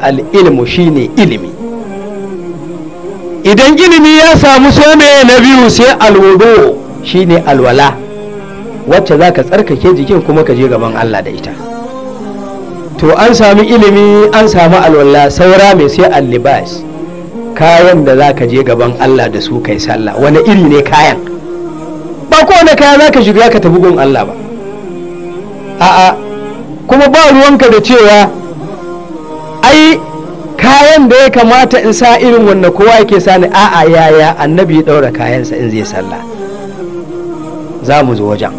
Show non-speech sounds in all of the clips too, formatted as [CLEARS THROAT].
al'ilmu ne ilimi idan ilimi ya samu sai mai na biyu sai alwudu shine alwala wacce za ka tsarkake jikin kuma ka je gaban Allah da ita to an sami ilimi an sami alwala saura mai sai allibas kayan da za ka je gaban Allah da su kai sallah wani iri ne kayan ba kowane kaya za ka shiga ka tafi gun Allah ba a'a kuma ba ruwanka da cewa ai kayan da ya kamata in sa irin wanda kowa yake sani a yaya annabi ya ɗaura kayansa in zai sallah za mu zo wajen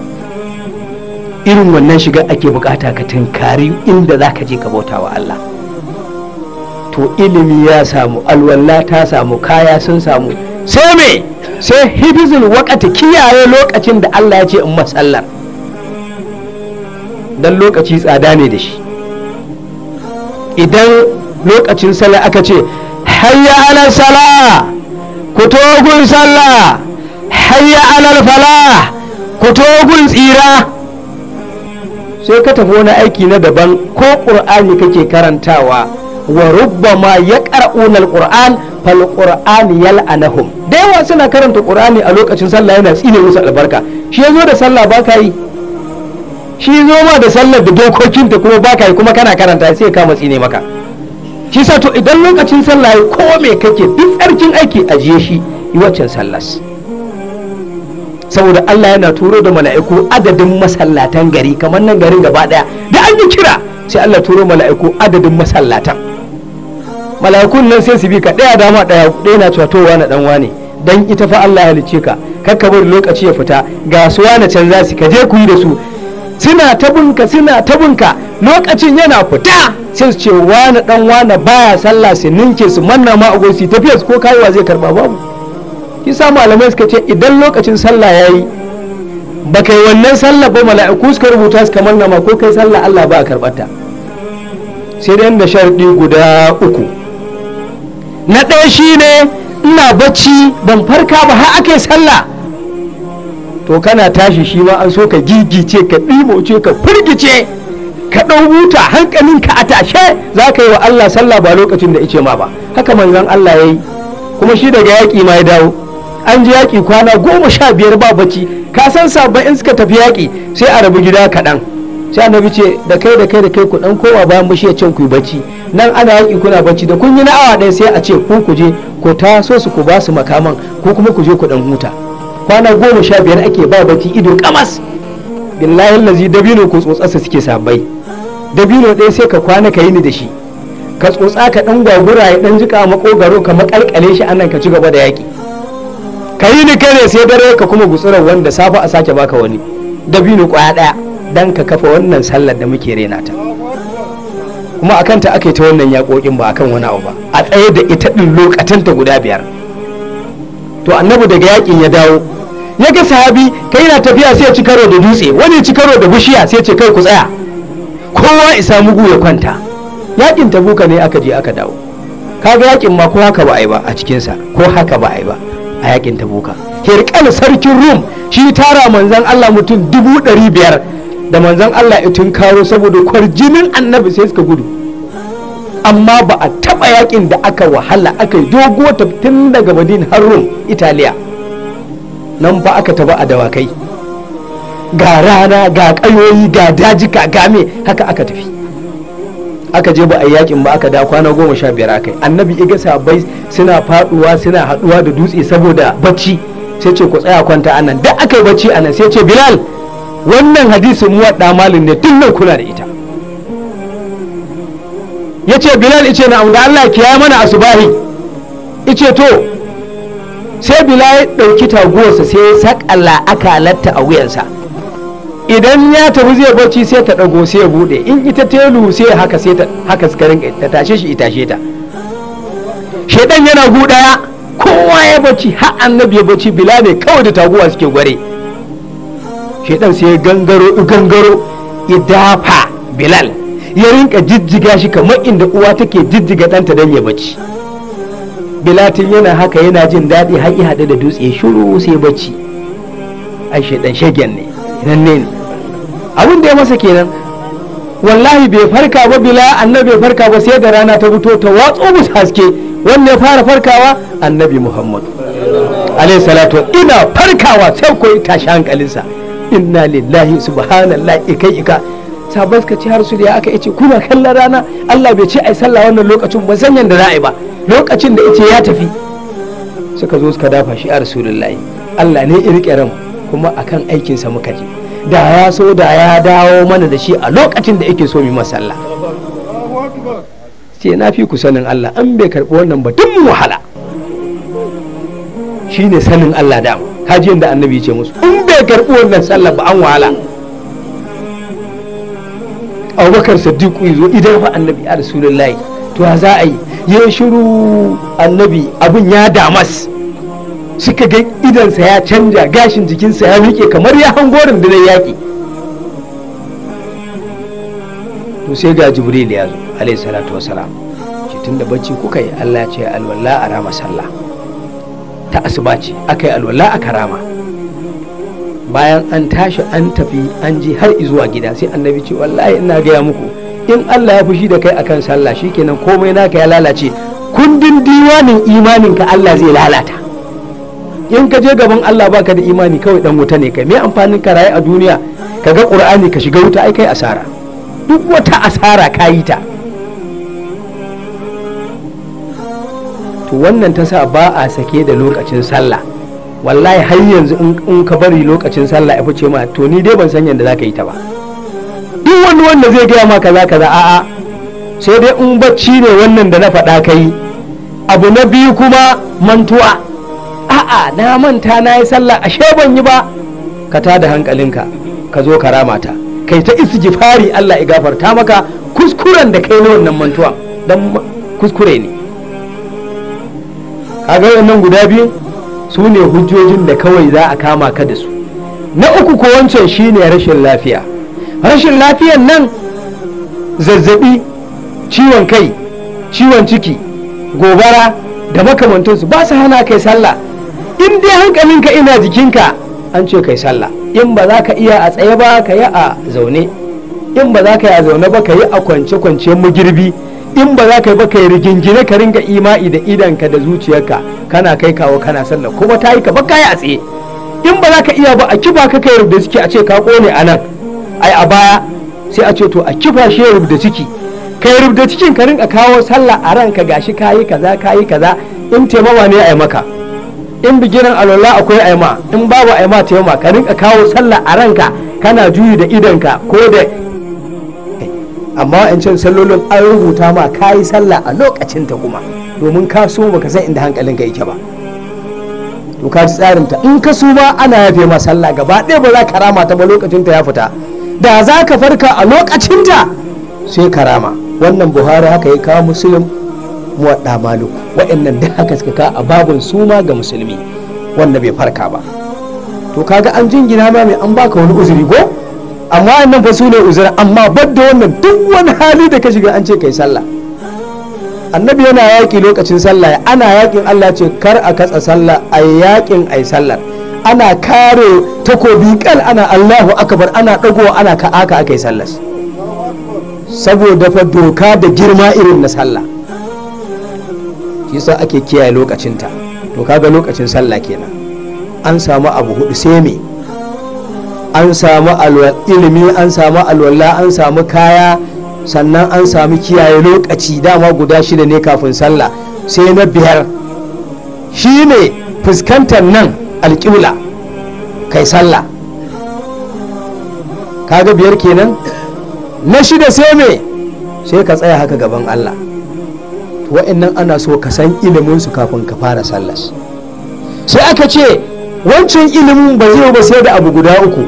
irin wannan shiga ake bukata ka tunkari inda za ka je ka bauta wa Allah to ilimi ya samu alwala ta samu kaya sun samu sai me sai hibizul wakati kiyaye lokacin da Allah ya ce in masallar dan lokaci tsada ne da shi idan lokacin sallah aka ce hayya ala sala ku togun sallah hayya ala fala ku togun tsira sai ka tafi wani aiki na daban ko ƙur'ani kake karantawa wa rubbama ya ƙar'unar ƙur'an fal ƙur'ani anahum da yawa suna karanta ƙur'ani a lokacin sallah yana tsine musu albarka shi ya zo da sallah ba ka yi shi zo ma da sallar da dokokin ta kuma baka yi kuma kana karanta sai ka matsi ne maka shi sa to idan lokacin sallah ya ko me kake duk tsarkin aiki a ajiye shi yi waccan sallas saboda Allah yana turo da mala'iku adadin masallatan gari kamar nan garin gaba daya da an yi kira sai Allah turo mala'iku adadin masallatan mala'ikun nan sai su bi ka daya dama daya daya na cewa na dan wane dan ita fa Allah ya halice ka kakka bari lokaci ya fita ga su wani can za su ka je ku yi da su suna bunka suna bunka lokacin yana fita sai su ce wani dan wani baya sallah su ninke su manna ma agon su tafiya su ko kaiwa zai karba babu ki sa malamai suka ce idan lokacin sallah yayi ba kai wannan sallah ba mala'iku suka rubuta su kamar nama ko kai sallah Allah ba karbata sai dai da sharɗi guda uku na ɗaya shine ina bacci ban farka ba har ake sallah to kana tashi shi ma an so ka gigice ka ɗimoce ka firgice ka ɗau buta hankalinka a tashe za ka yi wa Allah sallah ba lokacin da ice ma ba haka manzon Allah ya yi kuma shi daga yaƙi ma ya dawo an ji yaƙi kwana goma sha biyar ba bacci ka san in suka tafi yaƙi sai a rabu gida kaɗan sai annabi ce da kai da kai da kai ku dan koma bayan bashi ya ce ku bacci nan ana yaƙi kuna bacci da kun yi na awa ɗaya sai a ce ku ku je ku taso su ku ba su makaman ko kuma ku je ku dan huta kwana goma sha biyar ake ba bacci ido kamas billahi lazi dabino ko tsotsarsa suke sabai dabino ɗaya sai ka kwana ka yi ni da shi ka tsotsa ka ɗan gwagura ya dan jika makogaro ka makalkale shi anan ka ci gaba da yaƙi ka yi ni kare sai dare ka kuma gutsurar wanda safe a sake baka wani dabino kwaya ɗaya dan ka kafa wannan sallar da muke rena ta kuma a kanta aka yi ta wannan yaƙoƙin ba akan wani abu ba a tsaye da ita ɗin lokacin ta guda biyar to annabi daga yaƙin ya dawo ya ga sahabi kai yana tafiya sai ya ci karo da dutse wani ya ci karo da bishiya sai ya ce kai ku tsaya kowa isa mugu ya kwanta yakin tabuka ne aka je aka dawo kaga yakin ma ko haka ba a yi ba a cikinsa ko haka ba a yi ba a yakin tabuka hirkal sarkin rum shi tara manzan allah mutum dubu ɗari biyar da manzan allah itin kawo saboda kwarjinin annabi sai suka gudu amma ba a taɓa yakin da aka wahala aka yi dogo tun daga madin har rum italiya nan ba aka taba a dawakai ga rana ga ƙayoyi ga dajika ga me haka aka tafi aka je ba a yakin ba aka da kwana goma sha biyar akai annabi iga sabai suna faduwa suna haduwa da dutse saboda bacci sai ce ku tsaya kwanta anan da aka yi bacci anan sai ce bilal wannan hadisin wadda malin ne tun nan kula da ita ya ce bilal ice na da allah kiyaye mana asubahi ice to sai bila ya ɗauki taguwarsa sai ya aka akalarta a wuyansa idan ya tafi zai bacci sai ta ɗago sai ya buɗe in ita telu sai haka sai ta haka suka rinka ta tashe shi ita ta shaidan yana gudaya kowa ya bacci har annabi ya bacci bila ne kawai da taguwa suke gware shaidan sai ya gangaro gangaro ya dafa bilal ya rinka jijjiga shi kamar inda uwa take jijjiga ɗanta don ya bacci bilatin yana haka yana jin daɗi har yi haɗu da dutse shuru sai bacci ai shaidan shagen ne nan ne abin da ya masa kenan wallahi bai farka ba bila annabi bai farka ba sai da rana ta fito ta watso mu haske wanda ya fara farkawa annabi Muhammadu. alaihi salatu ina farkawa sai koi tashi hankalinsa inna lillahi subhanallah ika ika ka ci har su da aka ce kuna kallon rana Allah bai ce ai sallah wannan lokacin ba san yanda za ba lokacin da ita ya tafi suka zo suka dafa shi a rasulullahi Allah ne ya rike ran kuma akan aikinsa muka je da ya so da ya dawo mana da shi a lokacin da yake so mu masalla ce na fi ku sanin Allah an bai karɓi wannan ba duk wahala shine sanin Allah dama kaji yadda annabi ya ce musu in bai karɓi wannan sallah ba an wahala abubakar ya zo idan fa annabi a rasulullahi to za a yi ya shiru annabi abin ya damas suka ga idansa ya canja gashin jikinsa ya rike kamar ya hangorin da yaƙi to sai ga jibril ya zo alayhi salatu wasalam ki tunda bacci kuka yi allah ce alwala a rama sallah ta asuba ce aka yi alwala aka rama bayan an tashi an tafi an ji har izuwa gida sai annabi ce wallahi ina gaya muku in Allah ya fushi da kai akan sallah shikenan komai naka ya lalace kundin diwanin imanin ka Allah zai lalata in ka je gaban Allah baka da imani kawai dan wuta ne kai me amfanin ka a duniya ka ga qur'ani ka shiga wuta ai kai asara duk wata asara ka yi ta to wannan ta sa ba a sake da lokacin sallah wallahi har yanzu in ka bari lokacin sallah ya fice ma to ni dai ban san yadda za ka yi ta ba duk wani wanda zai gaya ma kaza kaza a'a sai dai in bacci ne wannan da na faɗa kai abu na biyu kuma mantuwa a'a na manta na yi sallah ashe ban yi ba ka da hankalinka ka zo ka rama ta kai ta istighfari Allah ya gafarta maka kuskuren da kai na wannan mantuwa dan kuskure ne kaga wannan guda biyu su ne hujjojin da kawai za a kama ka da su na uku ko wancan shine rashin lafiya rashin lafiyan nan zazzabi ciwon kai ciwon ciki gobara da makamantansu ba su hana kai sallah in dai hankalinka ina jikinka an ce kai sallah in ba za ka iya a tsaye ba ka yi a zaune in ba za ka yi a zaune ba ka yi a kwance-kwance magirbi in ba za ka yi ba ka yi rigingine ka ringa ima'i da idanka da zuciyarka kana kai kawo kana sallah kuma ta yi ka ba ka yi a tsaye in ba za ka iya ba a kiba ka kai da suke a ce ka kone a nan ai a baya sai a ce to a kifa shi ya rubda ciki kai rubda cikin ka rinka kawo sallah a ranka gashi kayi kaza kayi kaza in taimawa ne ai maka in bigiran alwala akwai aima in babu aima taimama ka rinka kawo sallah a ranka kana juyi da idanka ko da amma wa'ancan sallolin an rubuta ma kayi sallah a lokacin ta kuma domin ka so baka san inda hankalinka yake ba to ka tsarin ta in ka so ba ana yafe ma sallah gaba ɗaya ba za ka rama ta ba lokacin ta ya fita da za ka farka a lokacinta sai karama wannan buhari haka ya kawo musulun muwaɗa maluk waɗannan da haka suka ka a babin suma ga musulmi wanda bai farka ba to kaga an jingina ma mai an baka wani uzuri ko amma annan fa su ne uzuri amma badda wannan duk wani hali da ka shiga an ce kai sallah annabi yana yaƙi lokacin sallah ana yaƙin Allah ce kar a katsa sallah ai yaƙin ai sallar ana kare takobi kan ana allahu akabar ana dagowa ana ka aka aka yi sallas saboda fa doka da girma irin na sallah shi sa ake kiyaye lokacinta to kaga lokacin sallah kenan an samu abu hudu sai me an samu ilimi an samu alwala an samu kaya sannan an samu kiyaye lokaci dama guda shida ne kafin sallah sai na biyar shine fuskantar nan alƙibla kai sallah kaga biyar kenan na shida sai me sai ka tsaya haka gaban Allah wa'annan ana so ka san iliminsu kafin ka fara sallas sai aka ce wancan ilimin ba zai ba sai da abu guda uku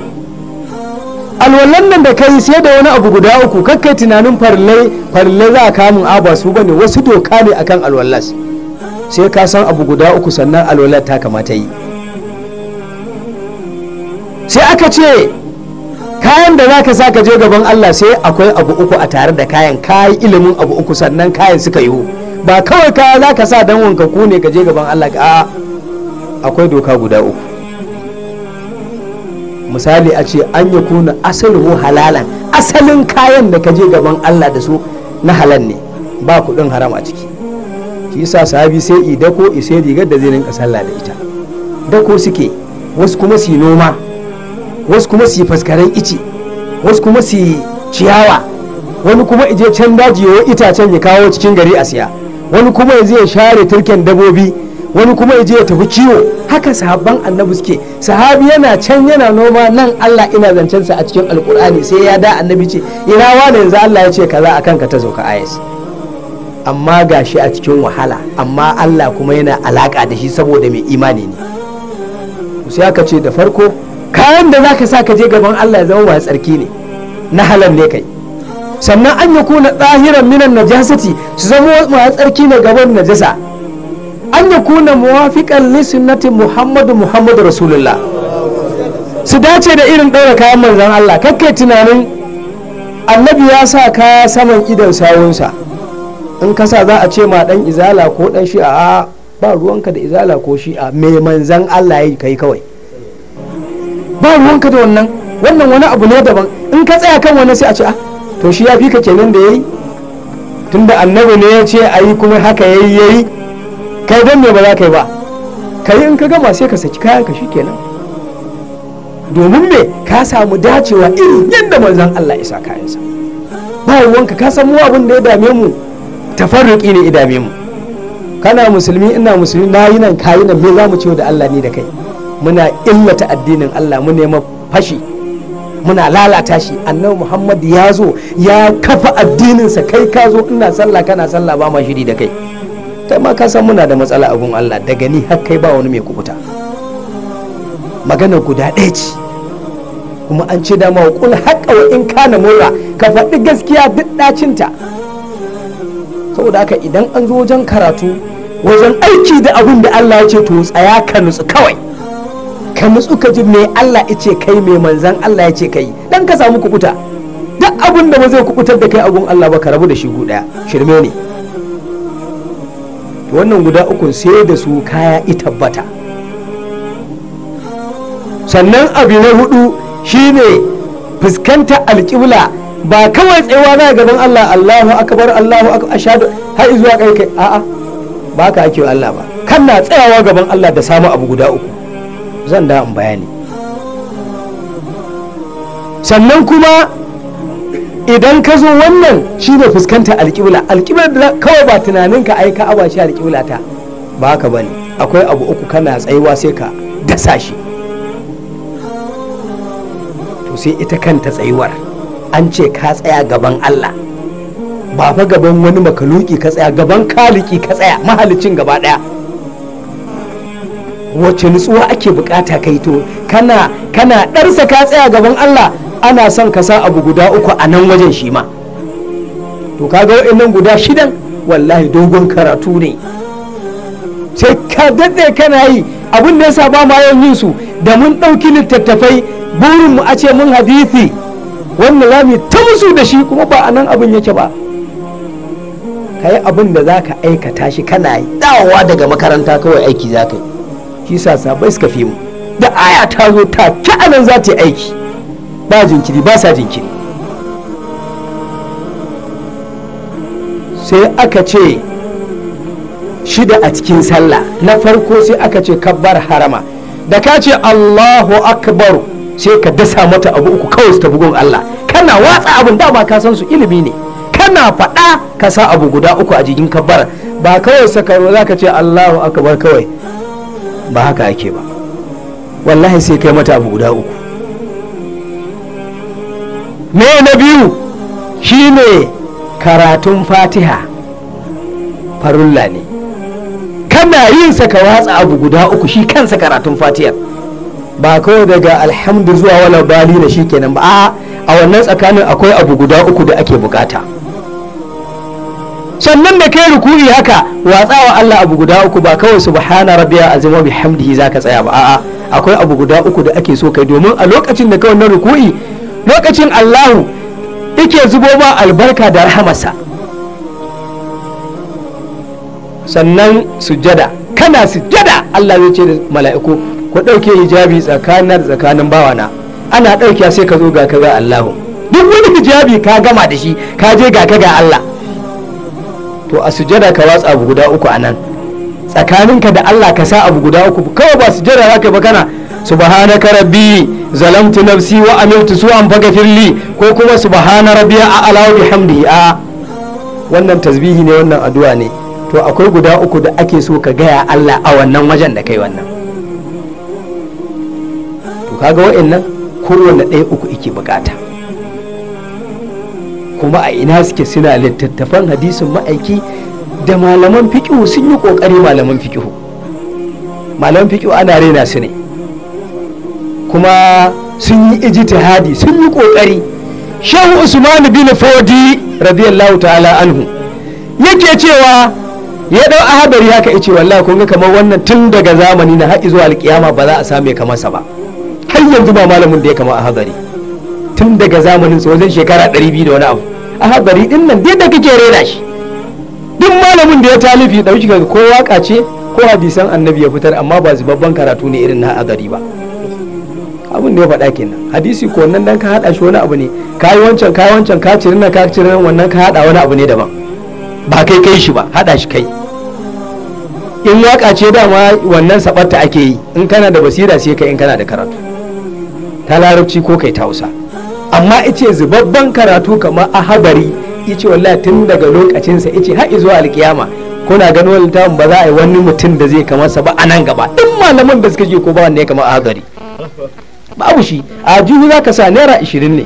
alwallan nan da kai sai da wani abu guda uku kakkai tunanin farillai farillai za a kamun aba su bane wasu doka ne akan alwallas sai ka san abu guda uku sannan alwallar ta kamata yi sai aka ce kayan da za ka sa ka je gaban Allah sai akwai abu uku a tare da kayan kayi ilimin abu uku sannan kayan suka yiwu ba kawai kaya ka sa dan wanka ku ne ka je gaban Allah a akwai doka guda uku misali a ce an ya kuna asalin halalan asalin kayan da ka je gaban Allah da su na halal ne ba kuɗin haram a ciki shi sa sabi sai idako isai rigar da zai rinka sallah da ita dako suke wasu kuma su noma wasu kuma su yi faskaren ice wasu kuma su yi ciyawa wani kuma ije can daji ya itacen ya kawo cikin gari a siya wani kuma ya ya share turken dabobi wani kuma ya je ya tafi ciwo haka sahabban annabi suke sahabi yana can yana noma nan Allah ina zancen sa a cikin alkur'ani sai ya da annabi ce ina wani yanzu Allah ya ce kaza akan ka ta zo ka ayas amma gashi a cikin wahala amma Allah kuma yana alaka da shi saboda mai imani ne sai aka ce da farko kayan da za ka sa ka je gaban Allah ya zama ba tsarki ne na halal ne kai sannan an ya kuna tsahiran minan najasati su zama ma tsarki ne gaban najasa an ya kuna muwafiƙan li muhammadu muhammadu rasulullah su dace da irin ɗaura kayan manzan Allah kakkai tunanin annabi ya sa kaya saman idan sawunsa in kasa za a ce ma dan izala ko dan shi'a ba ruwanka da izala ko shi'a mai manzan Allah ya yi kai kawai ba ruwanka da wannan wannan wani abu ne daban in ka tsaya kan wani sai a ce a ah, to shi ya fi ka kenan da yayi tunda annabi ne ya ce a yi kuma haka yayi yayi kai don me ba za ka yi ba ka yi in ka gama sai ka saki kayan ka kenan domin me ka samu dacewa irin yadda manzon Allah ya sa kayansa ba ruwanka ka san mu abin da ya dame mu tafarruki ne ya dame mu kana musulmi ina musulmi na yi nan kayi nan me za mu ce da Allah ni da kai muna illata addinin Allah mu nema fashi muna lalata shi annabi Muhammad ya zo ya kafa addininsa kai ka zo ina sallah kana sallah ba ma shiri da kai kai ma ka san muna da matsala a gun Allah daga ni har kai ba wani mai kubuta magana guda ɗaya ce kuma an ce dama wa kul haƙa wa in kana mura ka faɗi gaskiya duk ɗacinta saboda haka idan an zo wajen karatu wajen aiki da abin da Allah ya ce to tsaya ka nutsu kawai ka nutsu ka ji me Allah ya ce kai me manzan Allah ya ce kai dan ka samu kukuta duk abin da ba zai kukutar da kai agun Allah ba ka rabu da shi guda shirme ne wannan guda uku sai da su kaya ita tabbata sannan abu na hudu shine fuskanta alƙibla ba kawai tsayawa na gaban Allah Allahu akbar Allahu akbar ashhadu har zuwa kai kai a'a ba ka ake Allah ba kana tsayawa gaban Allah da samu abu guda uku zan da in bayani sannan kuma idan ka zo wannan shi ne fuskanta alƙibla alƙibla kawai ba tunanin ka aika aba shi alƙibla ta ba haka ba ne akwai abu uku kana tsayuwa sai ka dasa shi to sai ita kanta tsayuwar an ce ka tsaya gaban Allah ba fa gaban wani makaluki ka tsaya gaban kaliki ka tsaya mahalicin gaba ɗaya wacce nutsuwa ake bukata kai to kana kana ɗarsa ka tsaya gaban Allah ana son ka sa abu guda uku a nan wajen shi ma to kaga wa'annan guda shidan wallahi dogon karatu ne sai ka dade kana yi abin da yasa ba ma yin su da mun ɗauki littattafai burin mu a ce mun hadisi wannan lami ta musu da shi kuma ba a nan abin yake ba ka yi abin da za ka aikata shi kana dawowa daga makaranta kawai aiki za ka yi kisa sabai suka fi mu da aya ta zo ta ci anan za ta yi aiki ba jinkiri ba sa jinkiri sai aka ce shida a cikin sallah na farko sai aka ce kabbar harama da ka ce allahu akbar sai ka dasa mata abu uku kawai su ta bugun allah kana watsa abin dama ka san su ilimi ne kana faɗa ka sa abu guda uku a jikin kabbar ba kawai sakaro za ka ce allahu akbar kawai ba haka ake ba wallahi sai kai mata abu guda uku me na biyu shi ne karatun fatiha farulla ne kana yin sa ka watsa abu guda uku shi kansa karatun Fatiha. ba kawai daga alhamdu zuwa wala bali da shi kenan ba a wannan tsakanin akwai abu guda uku da ake bukata sannan da kai ruku'i haka watsawa Allah abu guda uku ba kawai subhana rabbiyal azim wa bihamdihi zaka tsaya ba a'a akwai abu guda uku da ake so kai domin a lokacin da kawai na ruku'i lokacin Allahu yake zubo ma albarka da rahamarsa sannan sujjada kana sujjada Allah zai ce da mala'iku ku ɗauke hijabi tsakanin tsakanin bawana ana ɗauke sai ka zo ga ka Allahu duk wani hijabi ka gama da shi ka je ga ka ga Allah to a sujada ka watsa abu guda uku a nan tsakaninka da Allah ka sa abu guda uku kawai ba sujada za ka ba kana subhanaka rabbi zalamtu nafsi wa amiltu su'an fagafirli ko kuma subhana rabbiya a'la bihamdihi a wannan tasbihi ne wannan addu'a ne to akwai guda uku da ake so ka gaya Allah a wannan wajen da kai wannan to kaga wa'annan kowanne ɗaya uku ike bukata kuma a ina suke suna littattafan hadisin ma'aiki da malaman fiƙihu sun yi ƙoƙari malaman fiƙihu malaman fiƙihu ana raina su ne kuma sun yi ijtihadi sun yi ƙoƙari shehu usman bin fodi radiyallahu ta'ala anhu yake cewa ya dau ahabari haka yace wallahi kun ga kamar wannan tun daga zamani na haƙi zuwa alƙiyama ba za a same kamar sa ba har yanzu ba malamin da ya kama ahabari tun daga zamanin sa wajen shekara 200 da wani abu a habari din nan duk da kake rera shi duk malamin da ya talifi dauki kaga ko waka ce ko hadisan annabi ya fitar amma ba zubabban karatu ne irin na a gari ba abin da ya faɗa kenan hadisi ko wannan dan ka hada shi wani abu ne ka yi wancan ka yi wancan ka ci nan ka ci nan wannan ka hada wani abu ne daban ba kai kai shi ba hada shi kai in waka ce dama wannan sabatta ake yi in kana da basira sai kai in kana da karatu ta larabci ko kai ta hausa amma ice zubabban karatu kamar a habari ice wallahi tun daga lokacinsa ice har zuwa alkiyama kuna ganin wani littafin ba za a yi wani mutum da zai kamarsa ba a nan gaba duk malaman da suka ko ba wanda ya kama a habari babu shi a juhu za ka sa naira ashirin ne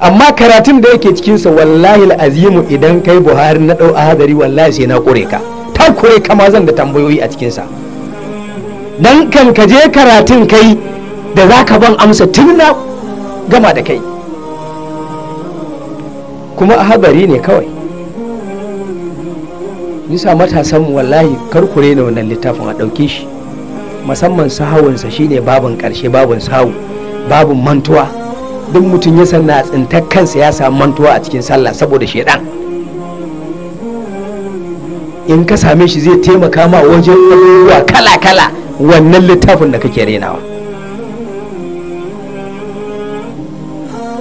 amma karatun da yake cikinsa wallahi azimu idan kai buhari na dau a hadari wallahi sai na kore ka ta kure ka zan da tambayoyi a cikinsa dan kan ka je karatun kai da zaka ban amsa tun na gama da kai kuma a habari ne kawai nisa matasan wallahi karkure da wannan littafin a ɗauke shi musamman sahawunsa shine babin ƙarshe babin sahu babin mantuwa duk mutum ya sanna tsintar kansa ya samu mantuwa a cikin sallah saboda shaidan in ka same shi zai taimaka ma wajen abubuwa kala-kala wannan littafin da kake renawa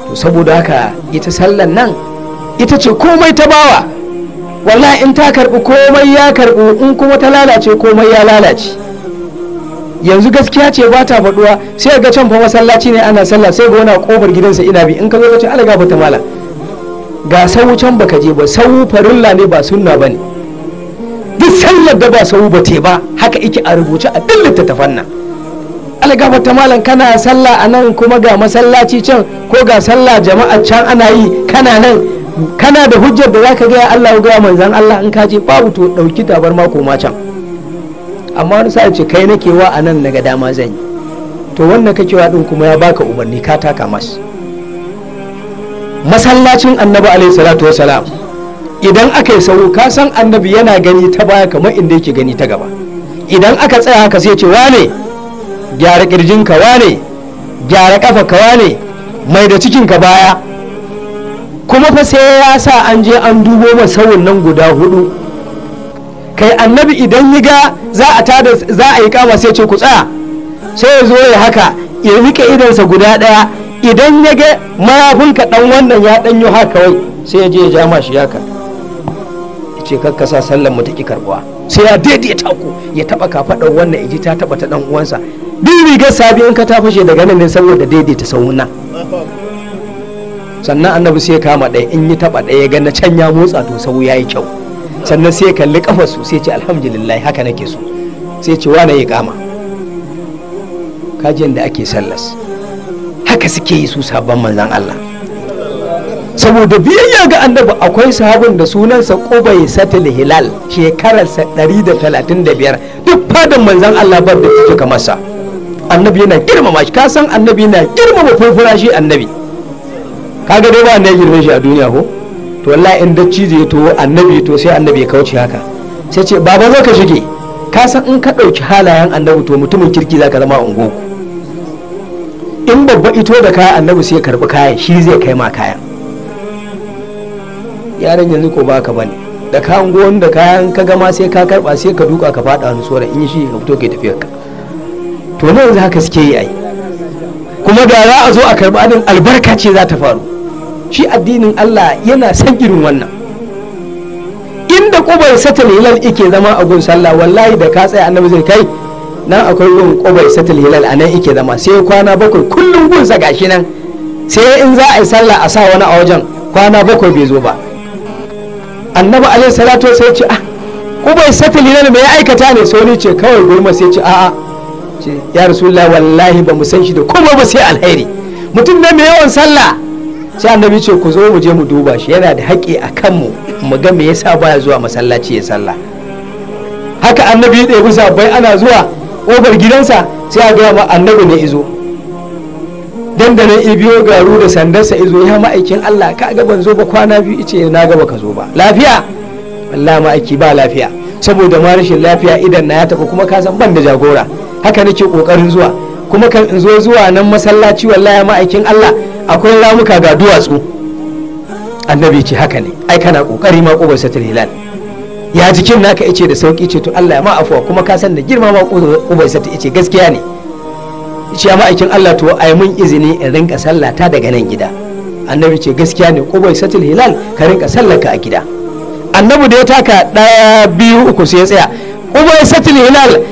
to saboda haka ita sallan nan ita ce komai ta bawa wallahi in ta karbi komai ya karbi in kuma ta lalace komai ya lalace yanzu gaskiya ce ba ta faduwa sai ga can fa masallaci ne ana sallah sai ga wani kofar gidansa ina bi in ka zo ka ce alaga ba ta mala ga sau can baka je ba sau farilla ne ba sunna bane duk sallar da ba sau ba te ba haka ike a rubuce a duk littattafan nan algaba ta malam kana sallah anan kuma ga masallaci can ko ga sallah jama'a can ana yi kana nan kana da hujjar da za ka gaya Allah gaya manzan Allah in ka ce babu to dauki tabar ma koma can amma wani sa ce kai nake wa anan naga dama zan yi to wannan kake wa din kuma ya baka umarni ka taka mas masallacin annabi alaihi salatu wasalam idan aka yi sauro ka san annabi yana gani ta baya kamar inda yake gani ta gaba idan aka tsaya haka sai ce wane gyara kirjinka wane gyara kafa ka wane mai da cikin ka baya kuma fa sai ya sa an je an dubo masawun nan guda hudu kai annabi idan yi ga za a tada za a yi kama sai ce ku tsaya sai ya zo ya haka ya rike idansa guda daya idan ya ga mayafinka dan wannan ya dan yi haka wai sai ya je ya ja shi haka ya ce kakka sa sallan mu ki karbuwa sai ya daidaita ku ya taba kafaɗar wannan iji ta taba ta dan uwansa duk rigar sabiyan ka ta fashe daga nan ne saboda daidaita saunan sannan annabi sai kama ɗaya in yi taɓa ɗaya ga na can ya motsa to sau ya yi kyau sannan sai kalli kafa su sai ce alhamdulillah haka nake so sai ce wane ya kama kajin da ake sallas haka suke yi su sabon manzan Allah saboda biyayya ga annabi akwai sahabin da sunansa kubai satil hilal shekararsa 135 duk fadin manzan Allah bar da take kamarsa annabi yana girmama shi ka annabi yana girmama furfura shi annabi kaga dai ba wanda ya girme shi a duniya ko to wallahi in dacci ya to annabi to sai annabi ya kauce haka sai ce baba zo ka shige ka san in ka ɗauki halayen annabi to mutumin kirki zaka zama ungo in babba ito da kaya annabi sai karbi kayan shi zai kai ma kayan yaran yanzu ko ba ka bane da ka gowon da kayan ka gama sai ka karba sai ka duka ka fada wani tsoron in shi ka fito kai tafiya. ka to ne yanzu haka suke yi ai kuma da za a zo a karbi adin albarka ce za ta faru shi addinin Allah yana san irin wannan inda kubai satal hilal ike zama a gun sallah wallahi da ka tsaya annabi zai kai nan akwai gun kubai satal hilal a nan ike zama sai kwana bakwai kullum gun sa gashi nan sai in za a yi sallah a sa wani a wajen kwana bakwai bai zo ba annabi alaihi salatu sai ce ah kubai satal hilal mai aikata ne sai ni ce kawai gurma sai ce a'a ya rasulullah wallahi ba mu san shi da kuma ba sai alheri mutum ne mai yawan sallah sai annabi ce ku zo mu je mu duba shi yana da haƙƙi a kanmu mu ga me yasa baya zuwa masallaci ya sallah haka annabi ya ɗebi sabbai ana zuwa ƙofar gidansa sai a ga ma annabi ne izo dandanan ibiyo garu da sandarsa izo ya ma'aikin Allah ka ga ban zo ba kwana biyu ice na gaba ka zo ba lafiya Allah ma'aiki ba lafiya saboda ma rashin lafiya idan na ya tafi kuma ka san ban da jagora haka nake kokarin zuwa kuma kan in zo zuwa nan masallaci wallahi ma'aikin Allah akwai ramuka ga duwatsu annabi ce haka ne ai kana kokari ma kobar hilal ya jikin naka ice da sauki ce to Allah ya ma afuwa kuma ka san da girma ma kobar satar ice gaskiya ne ice ya ma'aikin Allah to ai mun izini in rinka sallata daga nan gida annabi ce gaskiya ne kobar hilal ka rinka sallaka a gida annabi da ya taka ɗaya biyu uku sai ya tsaya kobar hilal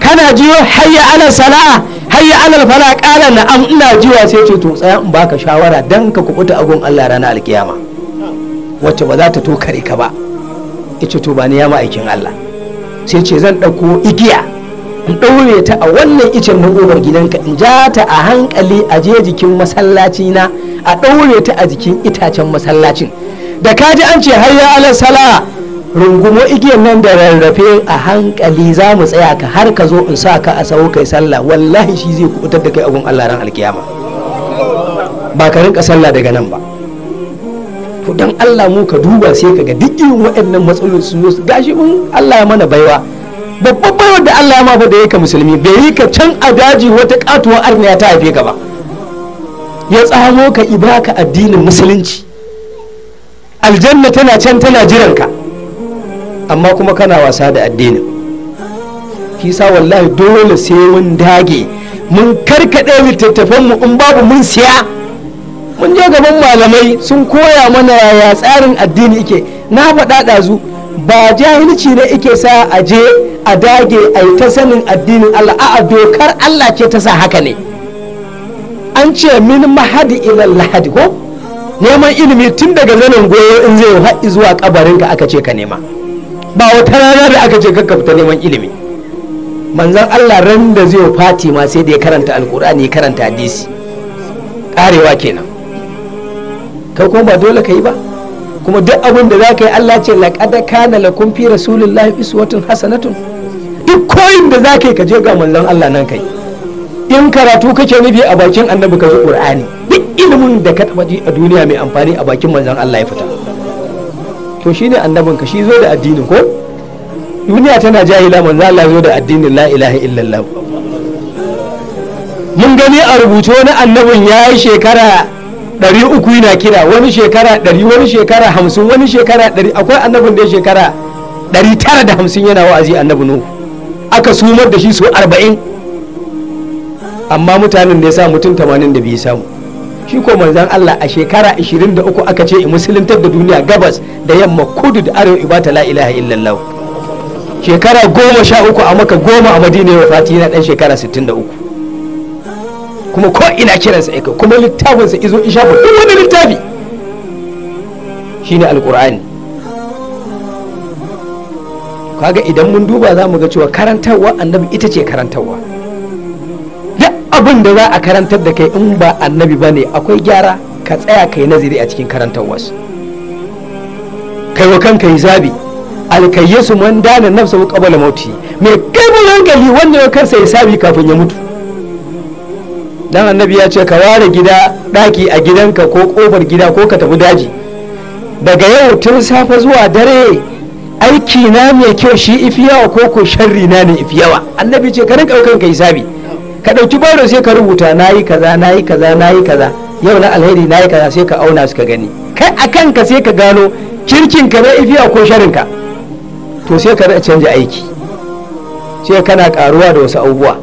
kana jiyo hayya ala sala'a hayya alal fala na na'am ina jiwa sai ce to tsaya in baka shawara dan ka kubuta agon Allah ranar alkiyama wacce ba za ta to kare ka ba yace to ba ni ya aikin Allah sai ce zan dauko igiya in daure ta a wannan icen gobar gidanka in ja ta a hankali a je jikin masallaci na a ɗaure ta a jikin itacen masallacin da kaji an ce hayya alal sala rungumo igiyar nan da rarrafe a hankali za mu tsaya ka har ka zo in sa ka a sawo kai sallah wallahi shi zai kubutar da kai gun Allah ran alkiyama ba ka rinka sallah daga nan ba to dan Allah mu ka duba sai ka ga duk irin waɗannan matsalolin sun zo gashi mun Allah ya mana baiwa babban baiwa da Allah ya ma ba da yake musulmi bai yi ka can a daji wata katuwar arniya ta haife ka ba ya tsamo ka ibaka addinin musulunci aljanna tana can tana jiranka amma kuma kana wasa da addinin kisa wallahi dole sai mun dage mun karkaɗe littattafan mu in babu mun siya mun je gaban malamai sun koya mana yaya tsarin addini ike na faɗa ɗazu ba jahilci ne ike sa a je a dage a yi ta sanin addinin Allah a dokar Allah ce ta sa haka ne an ce min mahadi ila lahadi ko neman ilimi tun daga zanen goyo in zai haɗi zuwa kabarinka aka ce ka nema ba wata rana da aka ce kakka fita neman ilimi manzan Allah ran da zai fatima sai da ya karanta alkur'ani ya karanta hadisi karewa kenan kai kuma ba dole ka yi ba kuma duk abin da za ka yi Allah ce laqad kana lakum fi rasulillahi uswatun hasanatun duk koyin da za ka yi ka je ga manzon Allah nan kai in karatu kake nufi a bakin annabi ka yi qur'ani duk ilimin da ka taba a duniya mai amfani a bakin manzan Allah ya fita to shi ne annabinka shi zo da addinin ko duniya tana jahila manzo Allah zo da addinin la ilaha illallah mun gani a rubuce wani annabin ya yi shekara ɗari uku yana kira wani shekara ɗari wani shekara hamsin wani shekara ɗari akwai annabin da shekara ɗari tara da hamsin yana wa'azi annabi nuhu aka sumar da shi su arba'in amma mutanen da ya sa mutum tamanin da biyu samu shi ko manzan Allah a shekara 23 aka ce musuluntar da duniya gabas da yamma kudu da arewa ibata la ilaha illallah shekara goma sha uku a maka goma a madina ya fati yana dan shekara 63 kuma ko ina kiransa aika kuma littafinsa izo in shafa duk wani littafi shine alqur'ani kaga idan mun duba za mu ga cewa karantarwa annabi ita ce karantarwa abin da za a karantar da kai in ba annabi ba ne akwai gyara ka tsaya ka yi naziri a cikin karantar wasu kai wa kanka yi zabi su man dana nafsa wa qabala mauti mai kaifin hankali wanda ya karsa ya sabi kafin ya mutu dan annabi ya ce ka ware gida daki a gidanka ko kofar gida ko ka tafi daji daga yau tun safe zuwa dare aiki na mai kyau shi ifiyawa ko ko sharri na ne ifiyawa. annabi ce ka rinka kanka sabi ka ɗauki baro sai ka rubuta na yi kaza na yi kaza na yi kaza yau na alheri na yi kaza sai ka auna su ka gani kai a kanka sai ka gano kirkin ka na ifiya ko sharinka to sai ka canja aiki sai kana karuwa da wasu abubuwa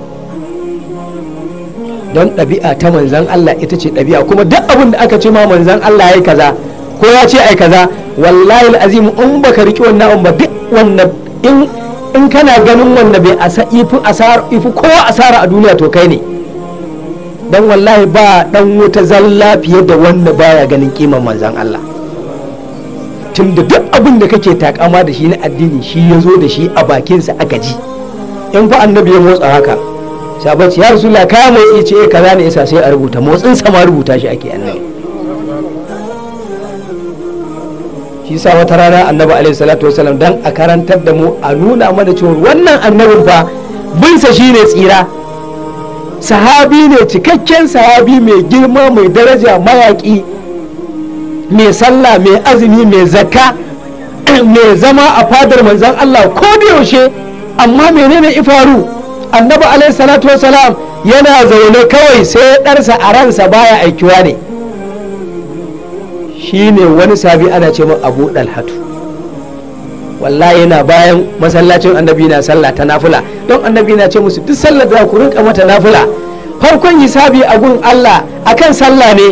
don ɗabi'a ta manzan Allah ita ce ɗabi'a kuma duk abin da aka ce ma manzan Allah ya yi kaza ko ya ce ai kaza wallahi al'azim in baka riƙe wannan abin ba duk wannan in in kana ganin wanda bai ifi kowa asara a duniya to kai ne don wallahi ba dan wuta zalla fiye da wanda baya ganin kiman manzan Allah tun da duk abin da kake takama da shi na addini shi ya zo da shi a bakinsa aka ji in fa annabi ya motsa haka sabat ya rasu kaya mai ce eh, kaza ne isa sai a rubuta motsin sama rubuta shi ake annabi shi wata rana annabi alaihi salatu wasalam dan a karantar da mu a nuna mana cewa wannan annabin fa binsa shine tsira sahabi ne cikakken sahabi mai girma mai daraja mayaƙi mai sallah mai azumi mai zakka [CLEARS THROAT] mai zama a fadar manzon Allah ko da yaushe amma menene ifaru annabi alaihi salatu wasalam yana zaune kawai sai ɗarsa a ransa baya aikiwa ne Shi ne wani sabi ana ce min abu dalhatu wallahi yana bayan masallacin annabi na sallah ta nafula, don annabi na ce musu duk sallar da ku rinka mata nafula. farkon hisabi a gun Allah akan sallah ne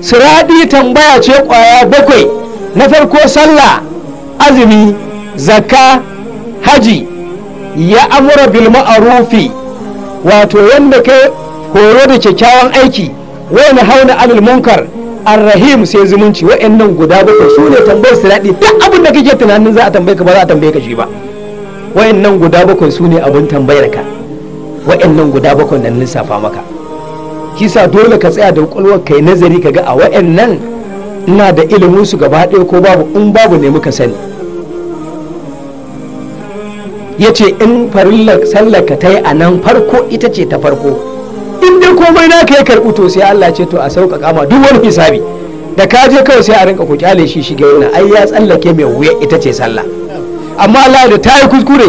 siradi tambaya ce kwaya bakwai na farko sallah azumi zakka haji ya amura bil ma'arufi wato wanda kai horo da kyakkyawan aiki wani hauna anil munkar arrahim sai zumunci wa'annan guda bakwai su ne tambayar daɗi duk abin da kake tunanin za a tambaye ka ba za a tambaye ka shi ba wa'annan guda bakwai su ne abin tambayar ka wa'annan guda bakwai nan lissafa maka kisa dole ka tsaya da kwakwalwar kai nazari ka ga a wa'annan ina da ilimin su gaba ɗaya ko babu in babu ne muka sani yace in farillar sallar ka ta yi a nan farko ita ce ta farko in dai komai na kai karɓi to sai Allah ce to a sauƙaƙa ma duk wani hisabi da ka je kawai sai a rinka ku kyale shi shiga yana ai ya tsallake mai wuya ita ce sallah amma Allah da ta yi kuskure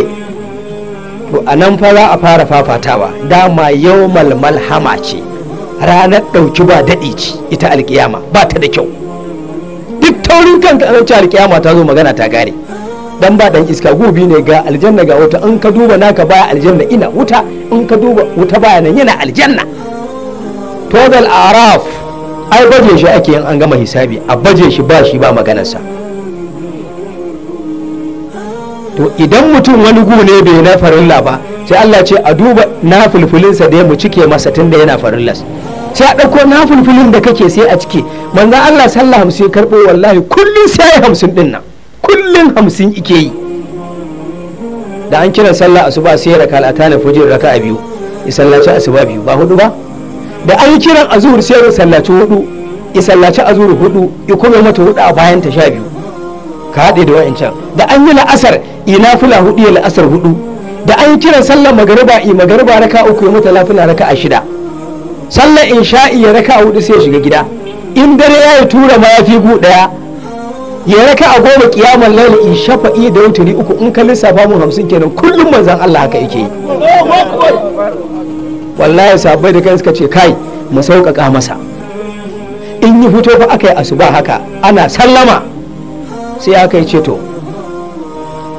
to a nan fa za a fara fafatawa dama yau malmal hama ce ranar ɗauki ba daɗi ce ita alƙiyama ba ta da kyau duk taurin kanka an alƙiyama ta zo magana ta gare dan ba dan iska gobi ne ga aljanna ga wuta in ka duba naka baya aljanna ina wuta in ka duba wuta baya nan yana aljanna dal araf ai baje shi ake yin an gama hisabi a baje shi ba shi ba maganarsa to idan mutum wani gu ne bai na farilla ba sai Allah ce a duba na fulfulinsa da ya mu cike masa tunda yana farilla sai a ɗauko na fulfulin da kake sai a cike manzan Allah sallah hamsin karɓo wallahi kullum sai hamsin ɗin kullum hamsin ike yi da an kira sallah asuba sai ya raka na fujin raka a biyu ya sallaci asuba biyu ba hudu ba da an yi kiran azuhur sai ya sallaci hudu ya sallaci azuhur hudu ya kuma mata hudu a bayan ta sha biyu ka haɗe da wa'ancan da an yi la'asar ina fula hudu ya la'asar hudu da an yi kiran sallar magariba i magariba raka uku ya mata lafula raka a shida sallar insha'i ya raka hudu sai ya shiga gida in dare ya yi tura mayafi gu ɗaya ya raka a goma kiyaman laila in shafa'i da wuturi uku in ka lissafa mu hamsin kenan kullum manzan Allah haka yake yi wallahi sabai da kai suka ce kai mu sauƙaƙa masa in yi fito fa aka yi asuba haka ana sallama sai aka yi ceto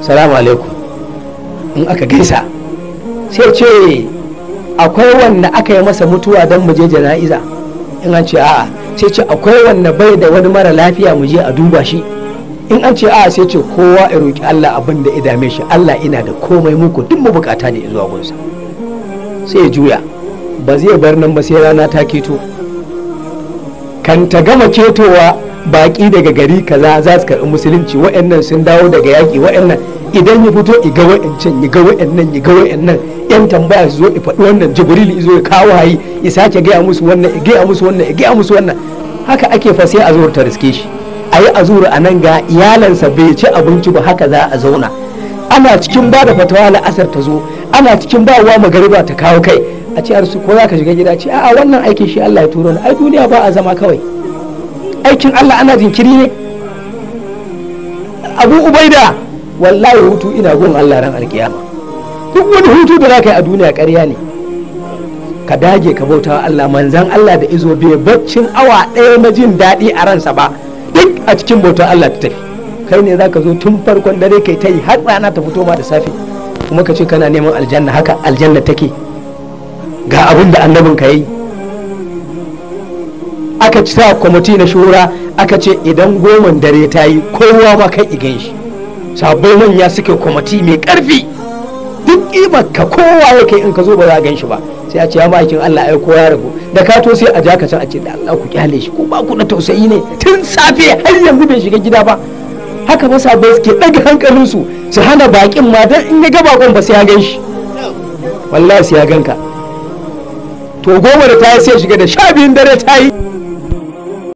salamu alaikum in aka gaisa sai ce akwai wanda aka yi masa mutuwa don mu je jana'iza in an ce a'a sai ce akwai wanda bai da wani mara lafiya mu je a duba shi in an ce a sai ce kowa ya roki Allah abin da ya dame shi Allah ina da komai muku duk mu bukata ne zuwa gunsa sai ya juya ba zai bar nan ba sai rana ta keto kan ta gama ketowa baki daga gari kaza za su karɓi musulunci waɗannan sun dawo daga yaƙi waɗannan idan ya fito iga wa'ancan iga wa'annan iga wa'annan yan tambaya su zo faɗi wannan jibril zo ya kawo hayi ya sake gaya musu wannan ya gaya musu wannan ya gaya musu wannan haka ake fa sai azur ta riske shi a yi azur a nan ga iyalansa bai ci abinci ba haka za a zauna ana cikin ba da fatawa la'asar ta zo ana cikin ba wa magariba ta kawo kai a ce arsu ko za ka shiga gida ce a'a wannan aikin shi Allah ya turo ni ai duniya ba a zama kawai aikin Allah ana jinkiri ne Abu Ubaida wallahi hutu ina gun Allah ran alkiyama duk wani hutu da za ka yi a duniya ƙarya ne ka dage ka bauta wa Allah manzan Allah da izo bai baccin awa ɗaya na jin daɗi a ransa ba duk a cikin bautar Allah ta tafi kai ne za ka zo tun farkon dare kai ta yi har rana ta fito ma da safe kuma ka ce kana neman aljanna haka aljanna take ga abin da annabin ka yi aka ci sa kwamiti na shura aka ce idan goman dare ta yi kowa ma kai igan shi sabai manya suke kwamati mai karfi duk ƙimar ka kowa yake in ka zo ba za a gan shi ba sai a ce ya ma'aikin Allah ai kowa ya rabu da ka to sai a ja ka san a ce da Allah ku kyale shi ko ba ku na tausayi ne tun safe har yanzu bai shiga gida ba haka ba sabai suke ɗaga hankalinsu su hana bakin ma dan in ya ga bakon ba sai ya gan shi wallahi sai ya ganka to goma da ta yi sai shiga da sha biyun dare ta yi